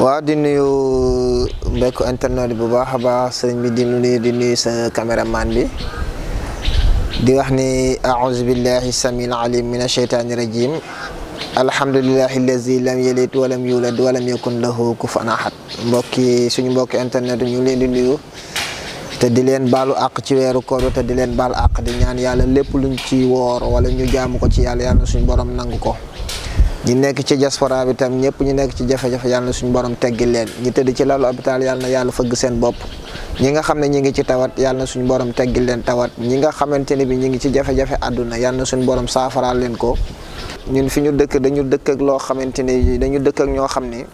waaw di nuyu mbekku internet bu baax a baax sëriñ bi di nuyu di nuyu sa caméraman bi di wax ni a billahi samil alim min asheytaani rajim alhamdulilahi allazi lam yalid walam yulad walam yakun lahu kufan ahad mbokki suñu mbokki internet ñu leen di nuyu te di leen baalu àq ci weeru koor te di leen baal àq di ñaan yàlla lépp luñ ci woor wala ñu jaamu ko ci yàlla yàlla suñu borom nangu ko ñi nekk ci diaspora bi tam ñëpp ñu nekk ci jafe-jafe yàlla na suñu borom teggil leen ñi tëdd ci lalu hôpital yàlla na yàlla fëgg seen bopp ñi nga xam ne ñi ngi ci tawat yàlla suñu borom teggil leen tawat ñi nga xamante ne bi ñi ngi ci jafe-jafe àdduna yàlla na suñu borom saafaraal leen ko ñun fi ñu dëkk dañu dëkk ak loo xamante ne dañu dëkk ak ñoo xam ne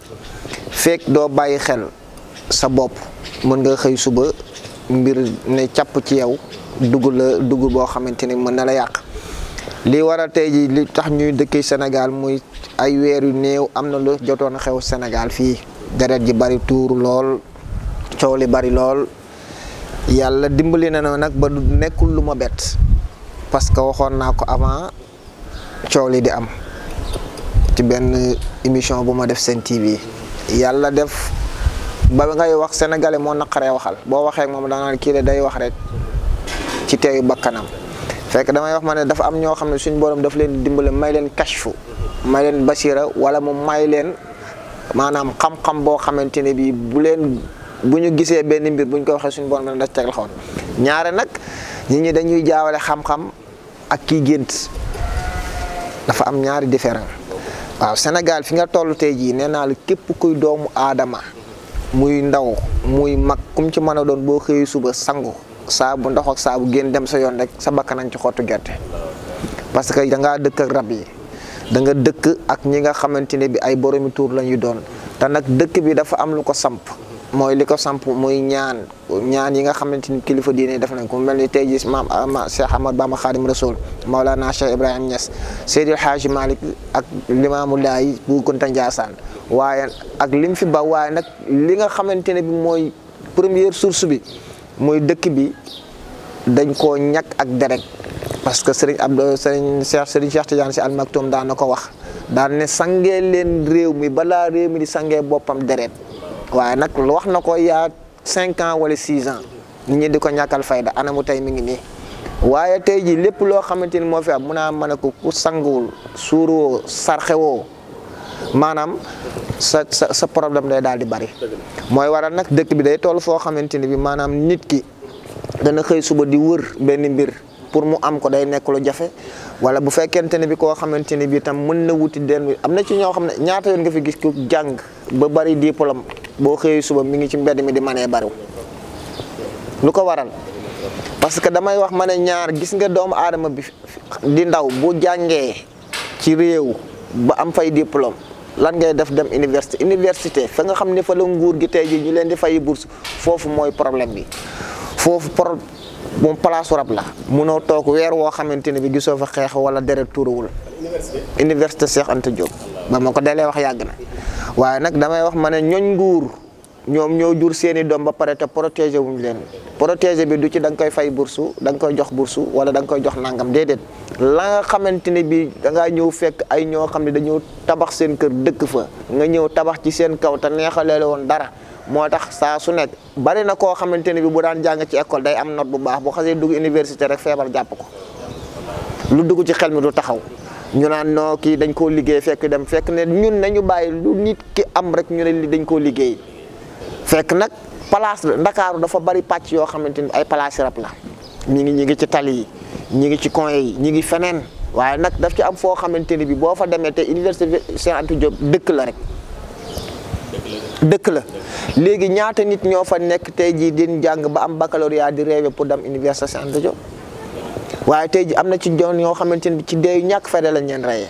feek doo bàyyi xel sa bopp mën nga xëy suba mbir ne càpp ci yow dugg la dugg boo xamante ni mën na la yàq li waral tey ji li tax ñuy dëkkee Sénégal muy ay weer yu néew am na lu jotoon a xew Sénégal fii deret ji bari tuur lool coow li bari lool yàlla dimbali na nag ba du nekkul lu ma bett parce que waxoon naa ko avant coow li di am ci benn émission bu ma def seen TV yàlla def ba ngay wax sénégalais moo naqaree waxal boo waxee moom daanaan kii de day wax rek ci teeyu bakkanam fekk damay wax ma ne dafa am ñoo xam ne suñu borom daf leen dimbale may leen kashfu may leen basira wala mu may leen maanaam xam-xam boo xamante ne bii bu leen bu ñu gisee benn mbir bu ñu ko waxee suñu bon dana daf tegal xawoon ñaare nag nit ñi dañuy jaawale xam-xam ak kii gént dafa am ñaari différent waaw Sénégal fi nga toll tey jii nee naa la képp kuy doomu aadama muy ndaw muy mag kum ci mën a doon boo xëyee suba sangu saabu ndox ak saabu génn dem sa yoon rek sa bakkanañ ci xottu gerte parce que da ngaa dëkk ak rab da nga dëkk ak ñi nga xamante ne bi ay boromi tuur la ñuy doon te nag dëkk bi dafa am lu ko samp mooy li ko samp muy ñaan ñaan yi nga xamante ni kilifa diine def na ko mel ni tey jii maam ah, Cheikh Ahmadou Bamba Khadim Rasoul Maolana Cheikh Ibrahim Niass Seydil Hadji Malick ak Limaamu Laay bu Kunta Njaasaan waaye ak lim fi ba waaye nag li nga xamante bi mooy première source bi muy dëkk bi dañ koo ñàkk ak deret parce que Serigne Abdou Serigne Cheikh Serigne Cheikh Tidiane si almaktoom daan na ko wax daan ne sange leen réew mi balaa réew mi di sangee boppam deret waaye nag wax na ko yaa cinq ans wala six ans nit ñi di ko ñàkkal fayda anamu tey mi ngi nii waaye tey ji lépp loo xamante ni moo fi am mun naa mën a ko ku sanguwul suuroo sarxewoo maanaam sa sa sa problème day daal di bari mooy waral nag dëkk bi day toll foo xamante ni bi maanaam nit ki dana xëy suba di wër benn mbir pour mu am ko day nekk lu jafe wala bu fekkente ne bi koo xamante ni bi tam mën na wuti den am na ci ñoo xam ne ñaata yoon nga fi gis ku jàng ba bari diplôme boo xëyee suba mi ngi ci mbedd mi di manee bariw lu ko waral parce que damay wax ma ne ñaar gis nga doomu aadama bi di ndaw bu jàngee ci réew ba am fay diplôme lan ngay def dem université université fa nga xam ne fa la nguur gi tey ji ñu leen di fay bourse foofu mooy problème bi foofu pro moom place rab la munoo toog weer woo xamante ne bi gisoo fa xeex wala deret tuuruwul université Cheikh Anta Diop ba ma ko dalee wax yàgg na waaye nag damay wax ma ne ñoñ nguur ñoom ñëw jur seeni doom ba pare te protéger wuñ leen protéger bi du ci danga koy fay bursu da nga koy jox bursu wala danga koy jox nangam déedéet la nga xamante ne bi da ngaa ñëw fekk ay ñoo xam ne dañoo tabax seen kër dëkk fa nga ñëw tabax ci seen kaw te neexalee la woon dara moo tax saa su nekk bari na koo xamante ne bi bu daan jàng ci école day am note bu baax bu xasee dugg université rek feebar jàpp ko lu dugg ci xel mi du taxaw ñu naan noo kii dañ koo liggéey fekk dem fekk ne ñun nañu bàyyi nit ki am rek ñu li dañ koo liggéey fekk nag place la Ndakaaru dafa bari pàcc yoo xamante ni ay place rab la ñi ngi ñi ngi ci tali yi ñi ngi ci coin yi ñi ngi feneen waaye nag daf ci am foo xamante ni bi boo fa demee te université Cheikh Anta Diop dëkk la rek dëkk la léegi ñaata nit ñoo fa nekk tey jii din jàng ba am baccalauréat di rêver pour dem université Cheikh Anta Diop waaye tey ji am na ci joon yoo xamante ni ci deeyu ñàkk fere lañ leen reyee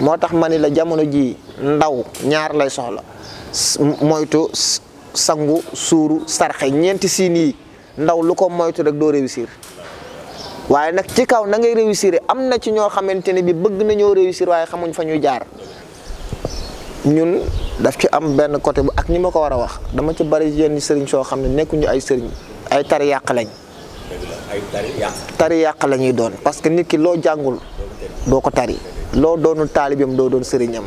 moo tax ma ni la jamono ji ndaw ñaar lay so moytu sangu suuru sarxe ñeenti siin yi ndaw lu ko moytu rek doo réussir waaye nag ci kaw na ngay réussir am na ci ñoo xamante ne bi bëgg nañoo réussir waaye xamuñ fa ñuy jaar ñun daf ci am benn côté bu ak ñi ma ko war a wax dama ci bari yenn sëriñ soo xam ne nekkuñu ay sëriñ ay tari yàq lañ. ay la ñuy doon parce que nit ki loo jàngul doo ko tari loo doonul taalibeem doo doon sëriñam.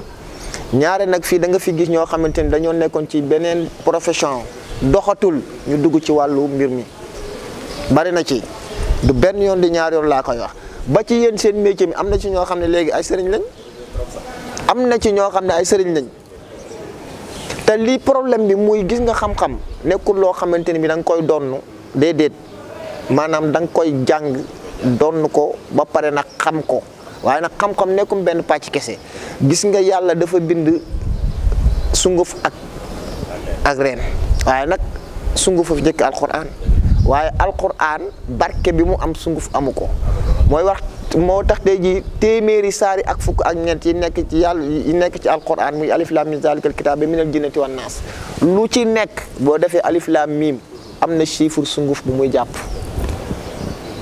ñaare nag fii danga fi gis ñoo xamante ni dañoo nekkoon ci beneen profession doxatul ñu dugg ci wàllu mbir mi bari na ci du benn yoon di ñaar yoon laa koy wax ba ci yéen seen métier mi am na ci ñoo xam ne léegi ay sëriñ lañ am na ci ñoo xam ne ay sëriñ lañ te lii problème bi muy gis nga xam-xam nekkul loo xamante ni bi danga koy donn déedéet maanaam danga koy jàng donn ko ba pare nag xam ko waaye nag xam-xam nekkum benn pàcc kese gis nga yàlla dafa bind sunguf ak ak reen waaye nag sunguf a fi njëkk alquran waaye alquran barke bi mu am sunguf amu ko mooy wax moo tax tey ji téeméeri saari ak fukk ak ñeent yi nekk ci yàlla yi nekk ci alquran muy alif lam mim zalikal kitab bi minal jinnati wan naas lu ci nekk boo defee alif lam am na chiffre sunguf bu muy jàpp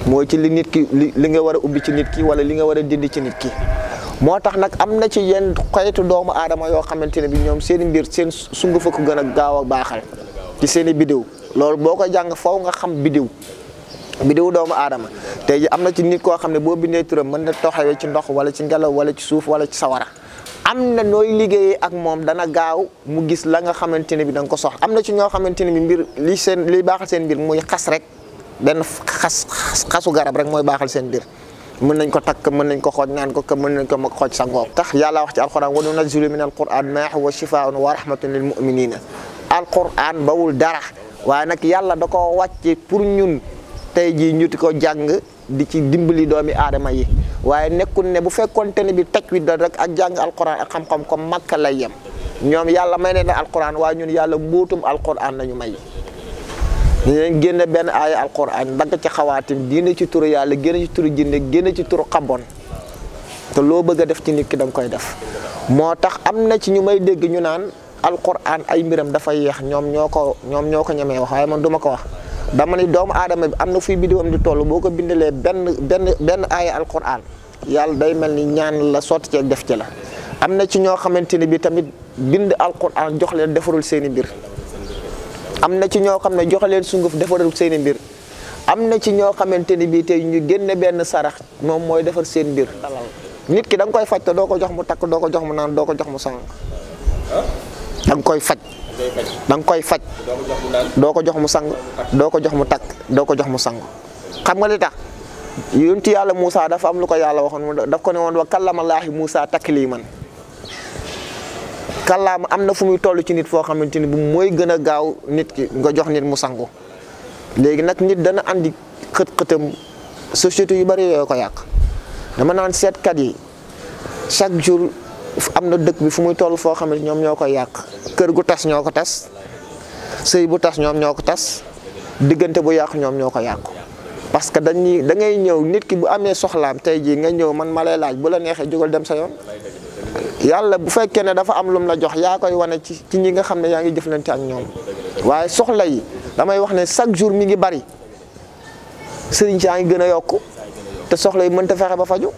mooy ci li nit ki li nga war a ubbi ci nit ki wala li nga war a dindi ci nit ki moo tax nag am na ci yenn xeetu doomu aadama yoo xamante ne bi ñoom seeni mbir seen sungu fa ko gën a gaaw a baaxal ci seen i bidéw loolu boo ko jàng faw nga xam bidéw bidéw doomu aadama te ji am na ci nit koo xam ne boo bindee turam mën na toxawee ci ndox wala ci ngelaw wala ci suuf wala ci sawara am na nooy liggéeyee ak moom dana gaaw mu gis la nga xamante ne bi da nga ko soxla am na ci ñoo xamante ne mbir li seen li baaxal seen mbir muy xas rek benn xas xasu garab rek mooy baaxal seen biir mën nañ ko takk mën nañ ko xooj naan ko mën nañ ko mag xooj sangoo tax yàlla wax ci alquran wa nunazzilu min alquran maa huwa shifaa'un wa rahmatun lil mu'minina alquran bawul dara waaye nag yàlla da ko wàcce pour ñun tey jii ñu ti ko jàng di ci dimbali doomi aadama yi waaye nekkul ne bu fekkonte ne bi tajwid da rek ak jàng alquran ak xam-xam comme makka lay yem ñoom yàlla may ne na alquran waaye ñun yàlla mbóotum alquran la ñu may dinañ génne benn aaya alquran dagg ci xawaatim génne ci turu yàlla génne ci turu jinne génne ci turu xabon te loo bëgg a def ci nit ki danga koy def moo tax am na ci ñu may dégg ñu naan alquran ay mbiram dafa yeex ñoom ñoo ko ñoom ñoo ko ñemee wax waaye man duma ko wax dama ni doomu aadama bi am na fuy biddiwam di toll boo ko bindalee benn benn benn aaya alquran yàlla day mel ni ñaan la sotti ceeg def ci la am na ci ñoo xamante ni bi tamit bind alquran jox leen defarul seeni mbir am na ci ñoo xam ne joxe leen sunguf defaral seen i mbir am na ci ñoo xamante ni bii tey ñu génne benn sarax moom mooy defar seen mbir nit ki danga koy faj te doo ko jox mu takk doo ko jox mu naan doo jox mu sang da koy faj da koy faj doo ko jox mu sang doo ko jox mu takk doo ko jox mu sang xam nga li tax yonentu yàlla Moussa dafa am lu ko yàlla waxoon daf ko ne woon wa takk lii man kàllaama am na fu muy tollu ci nit foo xamante ni bu mooy gën a gaaw nit ki nga jox nit mu sangu léegi nag nit dana andi xët-xëtam société yu bari yooyu ko yàq dama naan seetkat yi chaque jour am na dëkk bi fu muy toll foo xam ne ñoom ñoo koy yàq kër gu tas ñoo ko tas sëy bu tas ñoom ñoo ko tas diggante bu yàq ñoom ñoo ko yàqu parce que dañuy da ñëw nit ki bu amee soxlaam tey jii nga ñëw man ma lay laaj bu la neexee jógal dem sa yoon yàlla bu fekkee ne dafa am lum la jox yaa koy wane ci ci ñi nga xam ne yaa ngi ci ak ñoom waaye soxla yi damay wax ne chaque jour mi ngi bari sëriñ si yaa ngi gën a yokk te soxla yi mënta fexe ba faju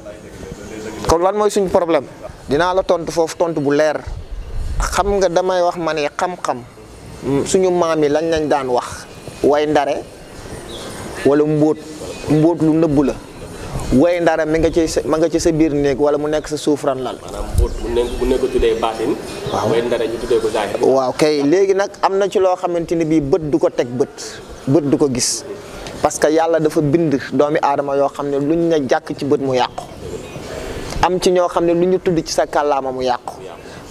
kon lan mooy suñu problème dinaa la tontu foofu tontu bu leer xam nga damay wax ma ne xam-xam suñu maam yi lañ lañ daan wax way ndare wala mbóot mbóot lu nëbbu la way ndara mi nga ci sa ma nga ci sa biir néeg wala mu nekk sa suufran lal. maanaam bu ne waaw way kay léegi nag am na ci loo xamante ni bii bët du ko teg bët bët du ko gis parce que yàlla dafa bind doomi aadama yoo xam ne luñ ne jàkk ci bët mu yàqu. am ci ñoo xam ne lu ñu tudd ci sa kàllaama mu yàqu.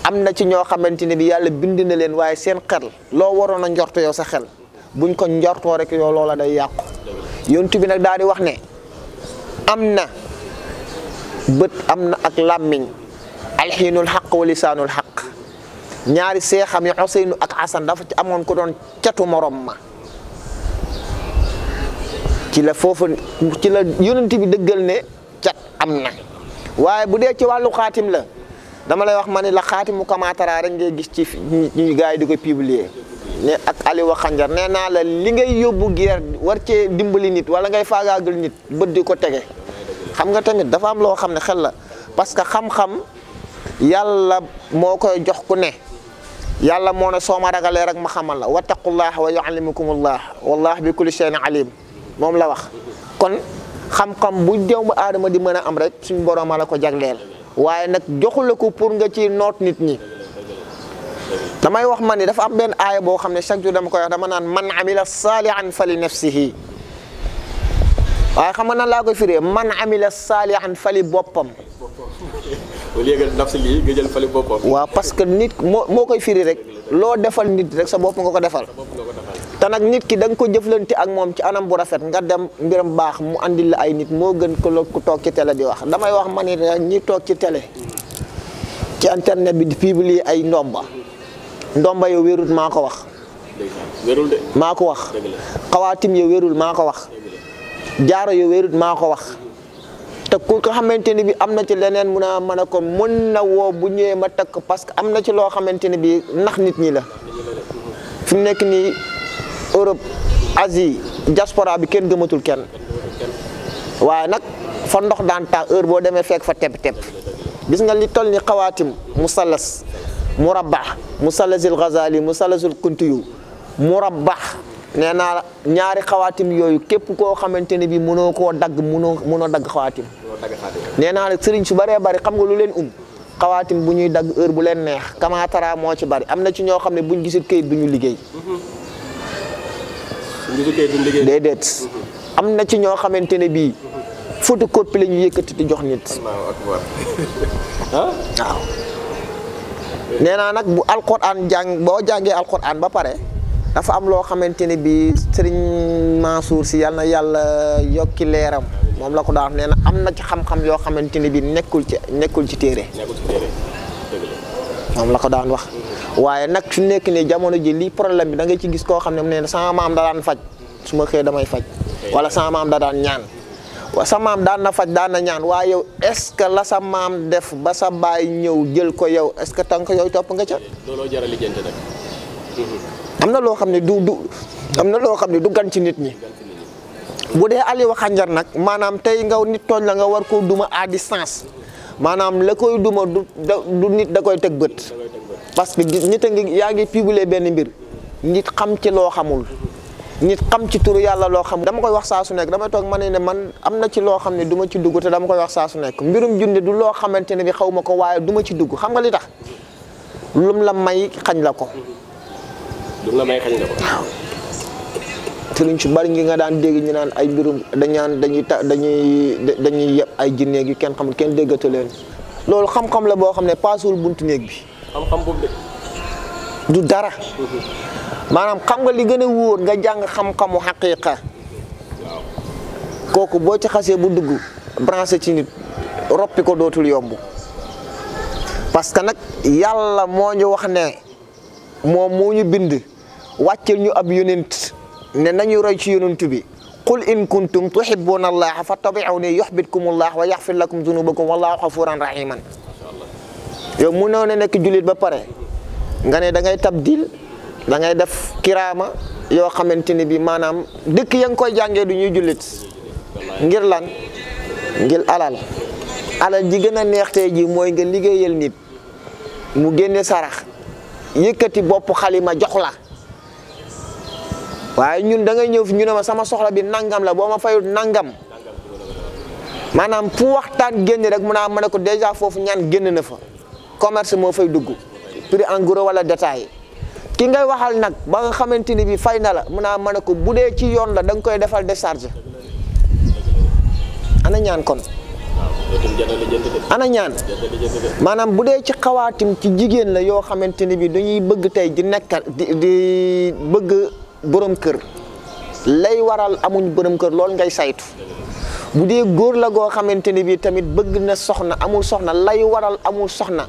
am na ci ñoo xamante ne bi yàlla bind na leen waaye seen xel loo waroon a njort yow sa xel buñ ko njortoo rek yow loola day yàqu yontu bi nag daal di wax ne. am na bët am na ak làmmiñ alxiinul xaq wa lisaanul xaq ñaari seexam yi ak Asan dafa ci amoon ko doon catu morom ma ci la foofa ci la yonent bi dëggal ne cat am na waaye bu dee ci wàllu xaatim la dama lay wax ma ne la xaatimu kamaatara rek ngay gis ci ñu yi di ko publier ne ak Aliou Xanjar nee la li ngay yóbbu guerre war cee dimbali nit wala ngay faagaagal nit bët di ko tege xam nga tamit dafa am loo xam ne xel la parce que xam-xam yàlla moo koy jox ku ne yàlla moo ne soo ma ragalee rek ma xamal la wattaqullah wa yuallimukumullah wallah bi kulli shay'in alim moom la wax kon xam-xam bu doomu aadama di mën a am rek suñ borooma la ko jagleel waaye nag joxula ko pour nga ci noot nit ñi damay wax man ni dafa am benn aaya boo xam ne chaque jour dama koy wax dama naan man amila saalihan fa li nafsihi waaye xam nga na laa koy firee man amila saalihan fali boppam. fali boppam. waaw parce que nit moo moo koy firi rek loo defal nit rek sa bopp nga ko defal. te nag nit ki danga ko jëflante ak moom ci anam bu rafet nga dem mbiram baax mu andil la ay nit moo gën ko la ku toog ci télé di wax damay wax ma ni ñi toog ci télé ci internet bi di publier ay ndomba ndomba yow wérul maa ko wax. maa ko wax. xawaatim yow wérul maa ko wax. jaaro yu wérut maa ko wax te ku ko xamante ni bi am na ci leneen ah, mun a mën a ko mën na woo bu ñëwee ma takk parce que am na ci loo xamante ni bi nax nit ñi la fi mu nekk nii Europe Asie jaspora bi kenn gëmatul kenn waaye nag fa ndox daan taa heure boo demee fekk fa teb teb gis nga li toll ni xawaatim musallas murabbax musallasil ghazali musallasul kuntiyu murabbax nee naa la ñaari xawaatim yooyu képp koo xamante ne bii mënoo koo dagg mënoo mënoo dagg xawaatim nee naa la sëriñ su baree bëri xam nga lu leen um xawaatim bu ñuy dagg heure bu leen neex kamaataraa moo ci bëri am na ci ñoo xam ne buñ gisul këyit duñu liggéey déedéet am na ci ñoo xamante ne bii photocopie la ñu yëkkati di jox nit waaw nee naa nag bu alquran jàng boo jàngee alquran ba pare dafa am loo xamante ne bii Serigne Mansour si yàlla na yàlla yokki leeram moom la ko daan nee na am na ci xam-xam yoo xamante ne bii nekkul ci nekkul ci téere moom la ko daan wax waaye nag su nekk ne jamono ji li problème bi da nga ci gis koo xam ne mu ne sama maam da daan faj su ma xëyee damay faj wala sama maam da daan ñaan wa sa maam daan na faj daan na ñaan waaye yow est-ce que la sa maam def ba sa baay ñëw jël ko yow est-ce que tànk yow topp nga ca looloo jar a am na loo xam ne du am na loo xam ne du gan ci nit ñi bu dee Aliou Khandiar nag maanaam tey nga nit tooñ la nga war ko duma à distance maanaam la koy duma du du nit da koy teg bët parce que nit a ngi yaa ngi publier benn mbir nit xam ci loo xamul nit xam ci turu yàlla loo xam dama koy wax saa su nekk dama toog ma ne ne man am na ci loo xam ne du ci dugg te dama koy wax saa su nekk mbirum junde du loo xamante ne bi xaw ma ko waaye duma ci dugg xam nga li tax lum la may xañ la ko du la may xañ la ko. bari nga daan dégg ñu naan ay mbirum dañaan dañuy ta dañuy dañuy yeb ay jinneeg yu kenn xamul kenn déggatu loolu xam-xam la boo xam ne paasuwul buntu néeg bi. xam-xam boobu du dara. maanaam xam nga li gën a wóor nga jàng xam-xamu xaqiiqa. kooku boo ci xasee bu dugg branché ci nit roppi ko dootul yomb. parce que nag yàlla moo ñu wax ne moom moo ñu bind wàccal ñu ab yonent ne nañu roy ci yonent bi qul in kuntum tuhibbuuna allaha fattabi'uuni yuhbibkum allah wa yaghfir lakum dunubakum wallahu ghafuurun rahiiman yow mu ne nekk jullit ba pare nga ne da ngay tabdil da def kiraama yoo xamante ni bi maanaam dëkk ya nga koy jàngee du ñuy julit ngir lan ngir alal alal ji gën a neex tey ji mooy nga liggéeyal nit mu génne sarax yëkkati bopp xalima jox waaye ñun da ngay ñëw fi ñu ne ma sama soxla bi nangam la boo ma fayul nangam maanaam fu waxtaan génn rek mun naa ma ne ko déjà foofu ñaan génn na fa commerce moo fay dugg prix en gros wala détail ki ngay waxal nag ba nga xamante ni bi fay na la mun naa ma ne ko bu dee ci yoon la danga koy defal décharge ana ñaan kon ana ñaan maanaam bu dee ci xawaatim ci jigéen la yoo xamante ni bi dañuy bëgg tey di nekkal di bëgg borom kër lay waral amuñ borom kër loolu ngay saytu bu dee góor la goo xamante ni bii tamit bëgg na soxna amul soxna lay waral amul soxna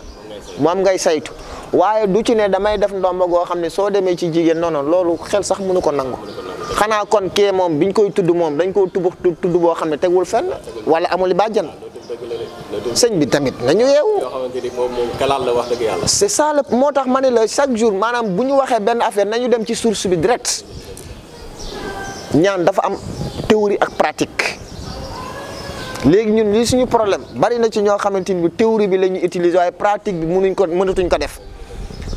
moom ngay saytu waaye du ci ne damay def ndomba goo xam ne soo demee ci jigéen non loolu xel sax mënu ko nangu xanaa kon kee moom biñ koy tudd moom dañ koo tudd tudd boo xam ne tegul fenn wala amul bàjjan sëñ bi tamit nañu yeewu. la wax dëgg yàlla. c'est ça moo tax ma ne la chaque jour maanaam bu ñu waxee benn affaire nañu dem ci source bi direct ñaan dafa am théorie ak pratique léegi ñun lii suñu problème bari na ci ñoo xamante ni théorie bi la ñuy utiliser waaye pratique bi mënuñ ko mënatuñ ko def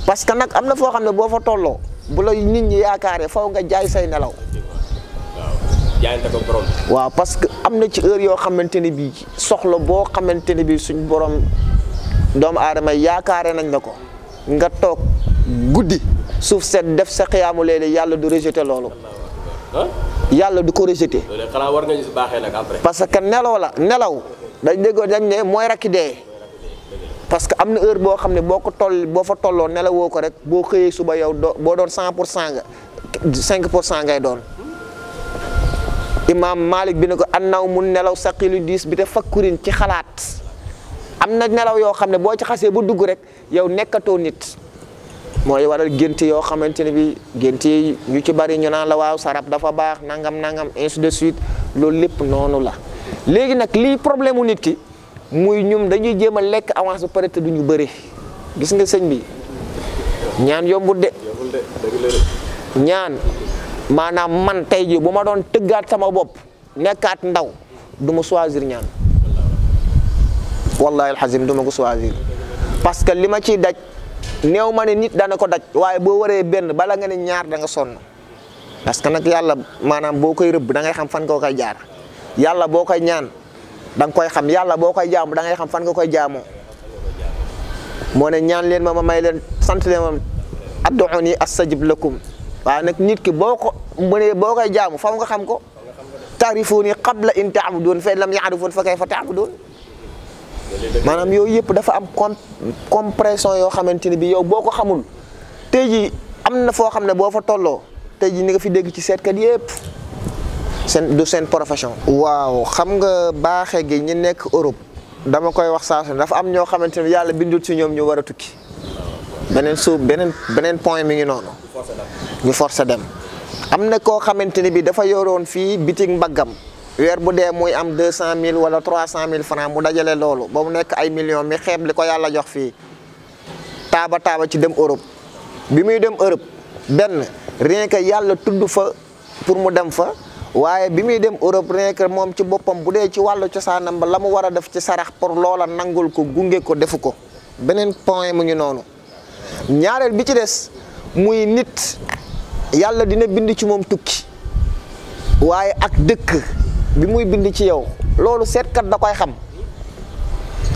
parce que nag am na foo xam ne boo fa tolloo bu la nit ñi yaakaaree faw nga jaay say nelaw. waaw parce que am na ci heure yoo xamante ne bii soxla boo xamante ne bii suñ boroom doomu aadama yaakaare nañ la ko nga toog guddi suuf set def sa xiyaamu léeg yàlla du rejeté loolu. yàlla du ko rejeté. xanaa war nga parce que nelaw la nelaw dañ déggoo dañ ne mooy rakki dee. parce que am na heure boo xam ne boo ko toll boo fa tolloo nelawoo ko rek boo xëyee suba yow doo boo doon cent pour cent nga cinq pour cent ngay doon. imaam Malik bi ne ko annaw mu nelaw saqilu diis bi te fakkurin ci xalaat am na nelaw yoo xam ne boo ci xasee bu dugg rek yow nekkatoo nit mooy waral gént yoo xamante ne bi gént yi ñu ci bari ñu naan la waaw sarab dafa baax nangam nangam ainsi de suite loolu lépp noonu la léegi nag lii problème mu nit ki muy ñum dañuy jéem a lekk avance ba pare te du ñu bëri gis nga sëñ bi ñaan yombul de ñaan maanaam man tey jii bu ma doon tëggaat sama bopp nekkaat ndaw du ma choisir ñaan wallahi alxazim du ma ko choisir parce que li ma ciy daj néew ma ne nit dana ko daj waaye boo waree benn bala nga ne ñaar da nga sonn parce que nag yàlla maanaam boo koy rëbb da ngay xam fan nga koy jaar yàlla boo koy ñaan da koy xam yàlla boo koy jaamu da ngay xam fan nga koy jaamoo moo ne ñaan leen ma ma may leen sant leen ma adduuni astajib lakum waaye nag nit ki boo ko mënee boo koy jaamu faw nga xam ko taarifuuni qabla in taabudoon fa lam yaarifoon fa kay fa taabudoon maanaam yooyu yëpp dafa am com compression yoo xamante ni bi yow boo ko xamul tey ji am na foo xam ne boo fa tolloo tey ji ni nga fi dégg ci seetkat yëpp seen du seen profession waaw xam nga baaxe gi ñi nekk Europe dama koy wax saa su dafa am ñoo xamante ne yàlla bindul ci ñoom ñu war a tukki beneen suuf beneen beneen point mi ngi noonu ñu forcé dem am na koo xamante ni bi dafa yoroon fii bitig mbaggam weer bu dee muy am deux cent mille wala trois cent mille franc mu dajale loolu ba mu nekk ay millions mi xeeb li ko yàlla jox fii taaba taaba ci dem Europe bi muy dem Europe benn rien que yàlla tudd fa pour mu dem fa waaye bi muy dem Europe rien moom ci boppam bu dee ci wàllu cosaanam ba la mu war a def ci sarax pour loola nangul ko gunge ko defu ko beneen point mu ngi noonu ñaareel bi ci des muy nit yàlla dina bind ci moom tukki waaye ak dëkk bi muy bind ci yow loolu seetkat da koy xam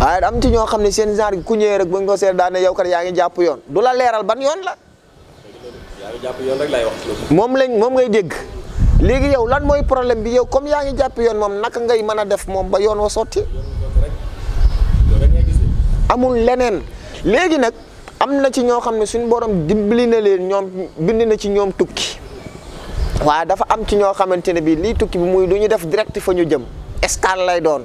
waaye am ci ñoo xam ne seen genre ku ñëwee rek bu ñu ko seet daane yow kat yaa ngi jàpp yoon du la leeral ban yoon la. moom lañ moom ngay dégg léegi yow lan mooy problème bi yow comme yaa ngi jàpp yoon moom naka ngay mën a def moom ba yoon wa sotti. amul leneen léegi nag. am na ci ñoo xam ne suñu borom dimbali na leen ñoom bind na ci ñoom tukki waa dafa am ci ñoo xamante ne bii lii tukki bi muy du ñu def direct fa ñu jëm escale lay doon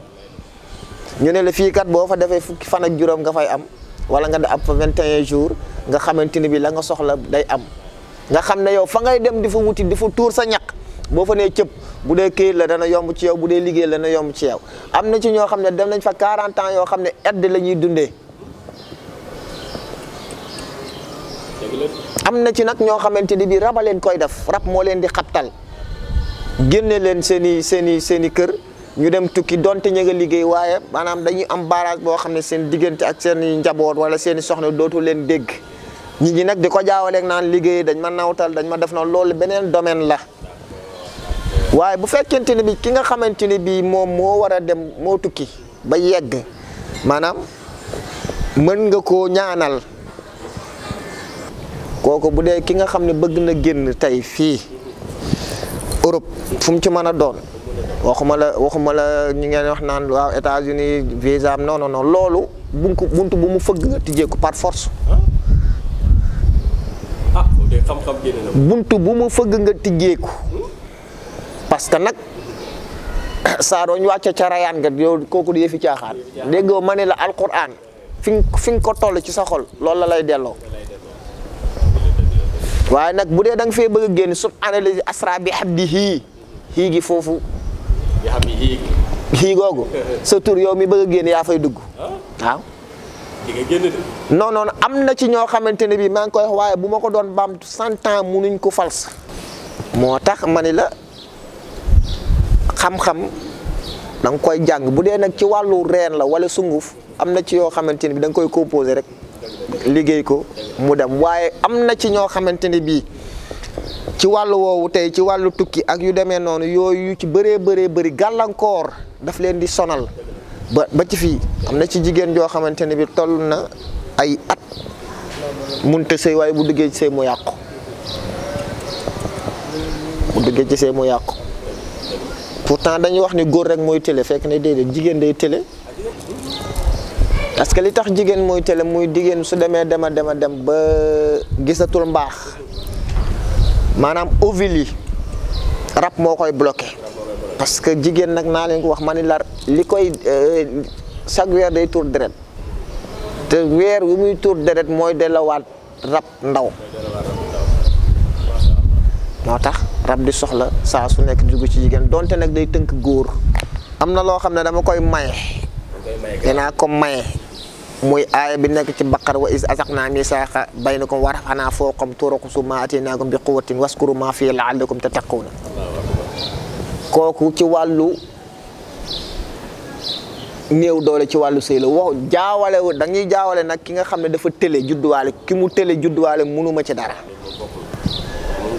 ñu ne la fii kat boo fa defee fukki fan ak juróom nga fay am wala nga am fa 21 jours nga xamante ne bii la nga soxla day am nga xam ne yow fa ngay dem di fa wuti di fa tuur sa ñaq boo fa nee cëpp bu dee këyit la dana yomb ci yow bu dee liggéey la dana yomb ci yow am na ci ñoo ne dem nañ fa 40 ans yoo xam ne aide la dundee. am na ci nag ñoo xamante ni bii rab a leen koy def rab moo leen di xabtal génne leen seen i seeni i kër ñu dem tukki donte ñu nga liggéey waaye maanaam dañuy am barrage boo xam ne seen diggante ak seen i njaboot wala seeni soxna dootu leen dégg nit ñi nag di ko jaawaleeg naan liggéey dañ ma nawtal dañ ma def na loolu beneen domaine la waaye bu fekkente ne bi ki nga xamante ne bii moom moo war a dem moo tukki ba yegg maanaam mën nga ko ñaanal. kooku bu dee ki nga xam ne bëgg na génn tey fii Europe fu mu ci mën a doon waxuma la waxuma la ñu ngeen wax naan waaw États-Unis visa am non non loolu buntu buntu bu mu fëgg nga tijjee ko par force. ah bu mu fëgg nga tijjee ko parce que nag. saarooñ wàcce ca rayaan nga yow kooku di yëfi caaxaan déggoo ma ne la alquran fi fi nga ko toll ci sa xol loolu la lay delloo waaye nag bu dee danga nga fee bëgg a génn subhaana lazi asra bi abdihi hii gi foofu hii googu sa tur yow mi bëgg a génn yaa fay dugg ah? noon non non am na ci ñoo xamante ne bii maa ngi koy waaye bu ma ko doon bamtu cent ans munuñ ko fals moo tax ma ni la xam-xam da koy jàng bu dee nag ci wàllu reen la wala sunguf am na ci yoo xamante ne bi da koy composé rek liggéey ko mu dem waaye am na ci ñoo xamante ne bii ci wàllu woowu tey ci wàllu tukki ak yu demee noonu yooyu ci bëree bëree bëri gàllankoor daf leen di sonal ba ba ci fii am na ci jigéen joo xamante ne bi toll na ay at munta sëy waaye bu duggee ci sëy mu yàqu mu duggee ci sëy mu yàqu pourtant dañuy wax ni góor rek mooy télé fekk ne déedéet jigéen day télé parce que li tax jigéen mooy tele muy jigéen su demee dema dema dem ba gisatul mbaax maanaam ovule rab moo koy bloqué parce que jigéen nag naa leen ko wax ma ni la li koy euh, chaque weer day tuur deret te weer wi muy tuur deret mooy delawaat rab ndaw moo tax rab di soxla saa su nekk dugg ci jigéen donte nag day tënk góor am na loo xam ne dama koy maye nee naa comme maye muy aaya bi nekk ci baqar wa is asaqnaa misaaqa baynakum wa rafa'naa fawqakum tuurakum summa ataynaakum bi quwwatin waskuru maa fiihi la'allakum tattaquuna kooku ci wàllu néew doole ci wàllu sëy la wax jaawale dañuy jaawale nag ki nga xam ne dafa télé judduwaale ki mu télé judduwaale munuma ci dara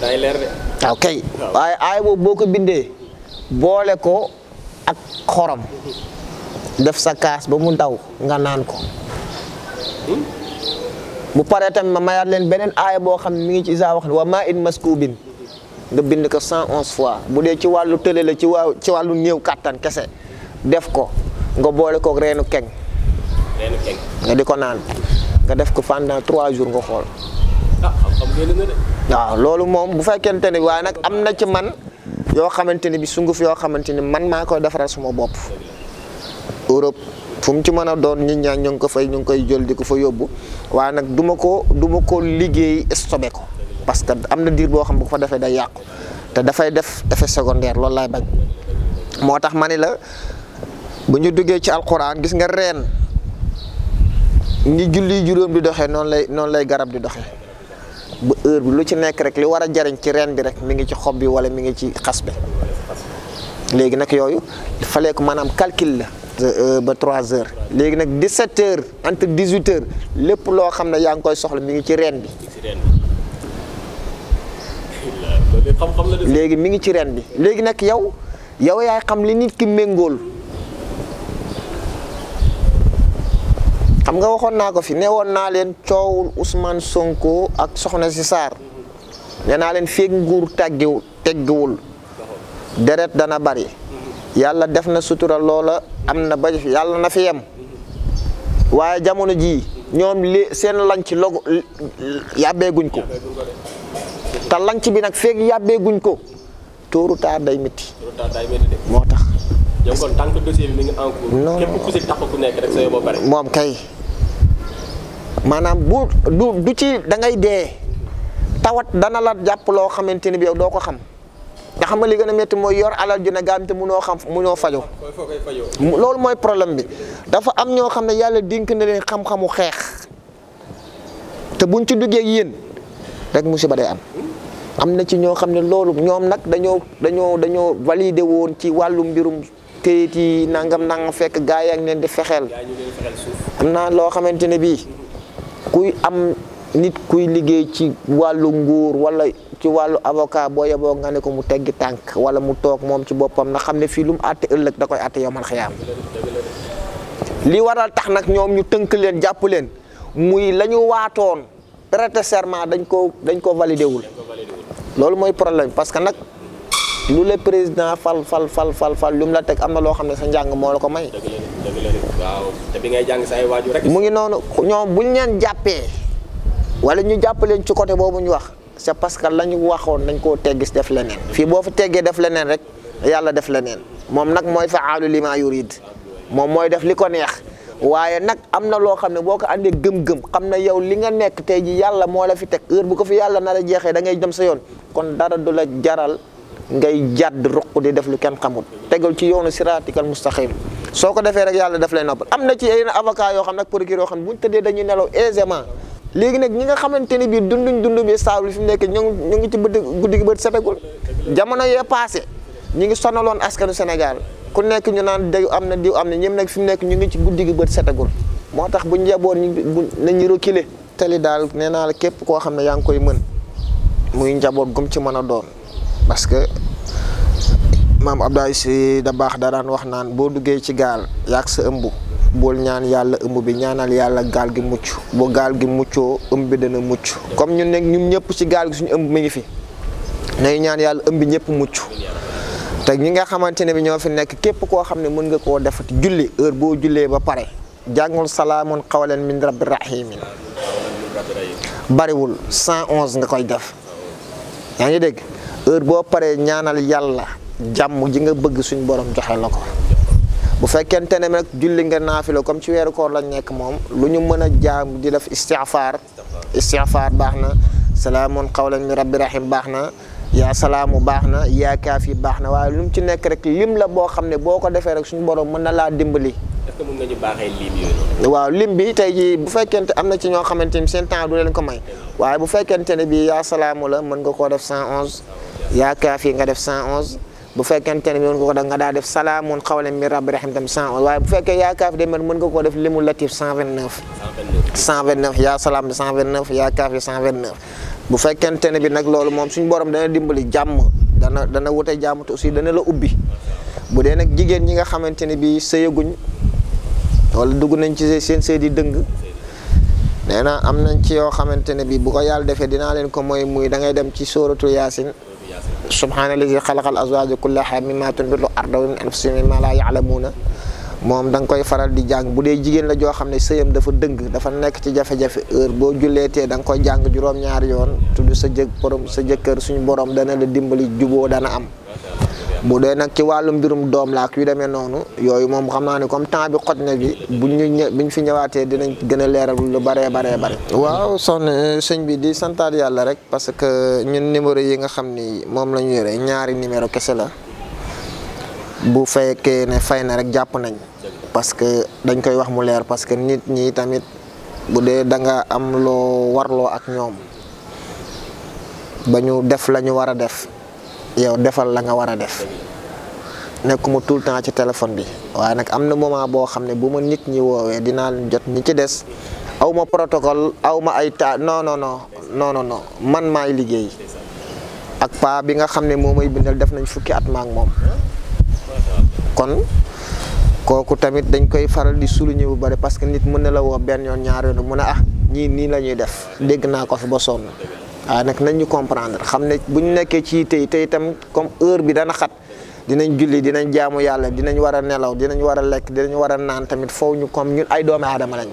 day leer de waaw waaye aaya boobu boo ko bindee boole ko ak xorom def sa kaas ba mu daw nga naan ko bu paree tamit ma mayaat leen beneen aaya boo xam ne mi ngi ci Isa wax ne wa maa in maskubin nga bind ko cent onze fois bu dee ci wàllu tële la ci waa ci wàllu néew kàttan kese def ko nga boole ko reenu keng nga di ko naan nga def ko pendant trois jours nga xool ah, waaw loolu moom bu fekkente ne waaye nag am na ci man yoo xamante ni bi sunguf yoo xamante ni man maa koy defaral suma bopp Europe fu mu ci mën a doon nit ñaa ñu ngi ko fay ñu ngi koy jël di ko fa yóbbu waaye nag duma ko du ma ko liggéey stoppé ko parce que am na diir boo xam bu ko fa defee day yàqu te dafay def effet secondaire loolu laay bañ moo tax ma ni la bu ñu duggee ci alxuraan gis nga reen ni julli juróom di doxee noonu lay noonu lay garab di doxee bu heure bi lu ci nekk rek li war a jariñ ci reen bi rek mi ngi ci xob bi wala mi ngi ci xas bi léegi nag yooyu faleeku maanaam calcul la Euh, ba trois heures léegi nag 17 heures entre 18 heures lépp loo xam ne yaa ngi koy soxla mu ngi ci reen bi léegi mi ngi ci reen bi léegi nag yow yow yaay xam li nit ki méngool xam nga waxoon naa ko fi ne woon naa leen coowul Ousmane Sonko ak soxna si Sarr nee naa leen feeg nguur tàggiwul teggiwul deret dana bari yàlla def na sutura loola am na ba yàlla na fi yem waaye jamono jii ñoom li seen lanc logo yàbbeeguñ ko te lanc bi nag feeg yàbbeeguñ ko tóoru taar day métti moo tax yow kon moom kay maanaam bu du du ci dangay ngay dee tawat dana la jàpp loo xamante ni bi yow doo ko xam nga xam nga li gën a métti mooy yor alal ju ne gaam te munoo xam munoo fajo loolu mooy problème bi dafa am ñoo xam ne yàlla dénk na leen xam-xamu xeex te buñ ci duggee yéen rek musiba day am am na ci ñoo xam ne loolu ñoom nag dañoo dañoo dañoo validé woon ci wàllu mbirum këyit yi nangam nangam fekk gaa yaa ngi leen di fexeel am na loo xamante ne bii kuy am nit kuy liggéey ci wàllu nguur wala ci wàllu avocat boo yeboo nga ne ko mu teggi tànk wala mu toog moom ci boppam na xam ne fii lu mu àtte ëllëg da koy àtte yow man xiyaam li waral tax nag ñoom ñu tënk leen jàpp leen muy lañu waatoon prêter dañ ko dañ ko validé wul loolu mooy problème parce que nag lu le président fal fal fal fal fal la teg am na loo xam ne sa njàng moo la ko may. ngay jàng sa mu ngi noonu ñoom buñ leen jàppee. wala ñu jàppaleen ci côté boobu ñu wax c'est parce que la ñu waxoon dañ koo teggis def leneen fii boo fi teggee def leneen rek yàlla def leneen moom nag mooy fa'aalu limaa yurid moom mooy def li ko neex waaye nag am na loo xam ne boo ko àndee gëm-gëm xam na yow li nga nekk tey ji yàlla moo la fi teg heure bu ko fi yàlla nar a jeexee da ngay dem sa yoon kon dara du la jaral ngay jàdd ruq di def lu kenn xamul tegal ci yoonu siraatikal mustaqim soo ko defee rek yàlla daf lay noppal am na ci yenn yoo xam nag procureur yoo xam ne bu ñu tëddee dañuy nelaw aisément léegi nag ñi nga xamante ni bii dunduñ dund bi stable lu mu nekk ñu ngi ñu ngi ci bët guddi gi bët setagul jamono yee passé ñu ngi sonaloon askanu Sénégal ku nekk ñu naan day am na diw am na ñoom nag fi mu nekk ñu ngi ci guddi gi bët setagul moo tax bu ñu yeboon ñu nañu teli daal nee naa la képp koo xam ne yaa ngi koy mën muy njaboot gum ci mën a doon parce que maam Abdoulaye Sy da baax da daan wax naan boo duggee ci gaal yaag sa ëmb. bool ñaan yàlla ëmb bi ñaanal yàlla gaal gi mucc bu gaal gi muccoo ëmb bi dana mucc comme ñun nekk ñun ñëpp ci gaal gi suñu ëmb mi ngi fi nañu ñaan yàlla ëmb bi ñëpp mucc te ñi nga xamante ne bi ñoo fi nekk képp koo xam ne mën nga koo defati julli heure boo jullee ba pare jàngul salaamun qawlan min rabbi rahimin bariwul 111 nga koy def yaa ngi dégg heure boo paree ñaanal yàlla jàmm ji nga bëgg suñu borom joxe la ko bu fekkente ne nag julli nga naafi la comme ci weeru koor lañ nekk moom lu ñu mën a jaam di def istixfaar istixfaar baax na salaamun qawlan min rabbi rahim baax na yaa salaamu baax na yaa kaaf baax na waaye lu ci nekk rek lim la boo xam ne boo ko defee rek suñu borom mën na laa dimbali. est-ce que mën nga waaw lim bi tey jii bu fekkente am na ci ñoo xamante ni seen temps du leen ko may waaye bu fekkente ne bii yaa salaamu la mën nga koo def 111 yaa kaaf yi nga def 111. bu fekkente ne mën nga ko def nga daal def salaamun xawlan min rabbi rahim tam 100 waaye bu fekkee yaa kaaf de mën mën nga koo def limu latif 129. 129 129 yaa salaam bu fekkente ne bi nag loolu moom suñu borom dana dimbali jàmm dana dana wute jàmm te aussi dana la ubbi bu dee nag jigéen ñi nga xamante ne bii sëyaguñ wala dugg nañ ci seen sëy dëng. nee na am nañ ci yoo xamante ne bii bu ko yàlla defee dinaa leen ko mooy muy da ngay dem ci sóoratu yaasin. subhaanallazi xalaqal azwaaja kullahaa mimmaa tunbitul ardu wa min anfusihim ma laa na moom da nga koy faral di jàng bu dee jigéen la joo xam ne sëyam dafa dëng dafa nekk ci jafe-jafe heure boo julleetee da nga koy jàng juróom-ñaari yoon tudd sa jëg borom sa jëkkër suñu borom dana la dimbali juboo dana am bu dee nag ci wàllu mbirum doom la ak yu demee noonu yooyu moom xam naa ne comme temps bi xoj na bi bu ñu ñë buñ fi ñëwaatee dinañ gën a leeral lu bëree baree bëri. waaw soxna sëñ bi di santaat yàlla rek parce que ñun numéro yi nga xam ni moom la ñu yore ñaari numéro kese la bu fekkee ne fay na rek jàpp nañ parce que dañ koy wax mu leer parce que nit ñi tamit bu dee da nga am loo warloo ak ñoom ba ñu def la ñu war a def. yow defal la nga war a def nekkuma tout le temps ci téléphone bi waaye nag am na moment boo xam ne bu ma nit ñi woowee dinaa jot ñi ci des aw ma protocole aw ma ay ta non no non man maay liggéey ak pa bi nga xam ne moom may bindal def nañ fukki at maak moom kon kooku tamit dañ koy faral di souligner bu bari parce que nit mën na la woo benn yoon ñaar yoon mu ne ah ñii nii la ñuy def dégg naa ko fi ba sonn. waaye ah, nag nañ ñu comprendre xam ne bu ñu nekkee ci tey tey itam comme heure bi dana xat dinañ julli dinañ jaamu yàlla dinañ war a nelaw dinañ war a lekk dinañ war a naan tamit faw ñu comme ñun ay doomi aadama lañ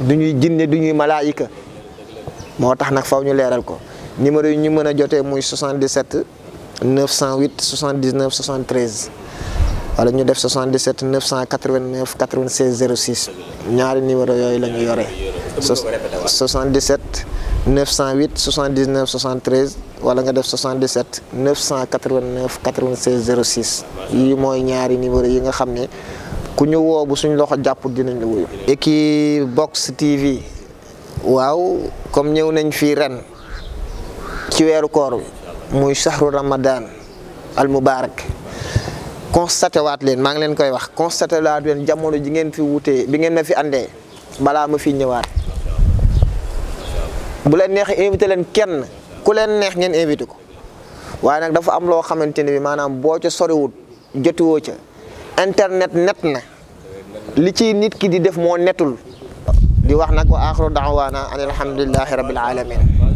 du ñuy jinne du ñuy malaayika moo tax nag faw ñu leeral ko numéro yi ñu mën a jotee muy 77 908 79 73 wala ñu def 77 989 96 06 ñaari numéro yooyu la ñu yore. 908 79 73 wala nga def 77 989 96 06 yii mooy ñaari numéro yi nga xam ne ku ñu woobu suñ loxo jàpp dinañ la wuyu. Equivox TV waaw comme ñëw nañ fii ren ci weeru koor bi muy sahru Ramadan al mubarak constaté waat leen maa ngi leen koy wax constaté waat leen jamono ji ngeen fi wutee bi ngeen na fi andee balaa ma fi ñëwaat. bu leen neexee invité leen kenn ku leen neex ngeen invité ko waaye nag dafa am loo xamante ne bi maanaam boo ca soriwut jotiwoo ca internet net na li ci nit ki di def moo netul di wax nag wa aaxiru daawaana an alhamdulillahi rabbil alamin